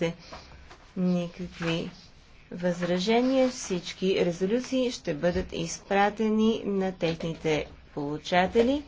нямате никакви възражения, всички резолюции ще бъдат изпратени на техните получатели.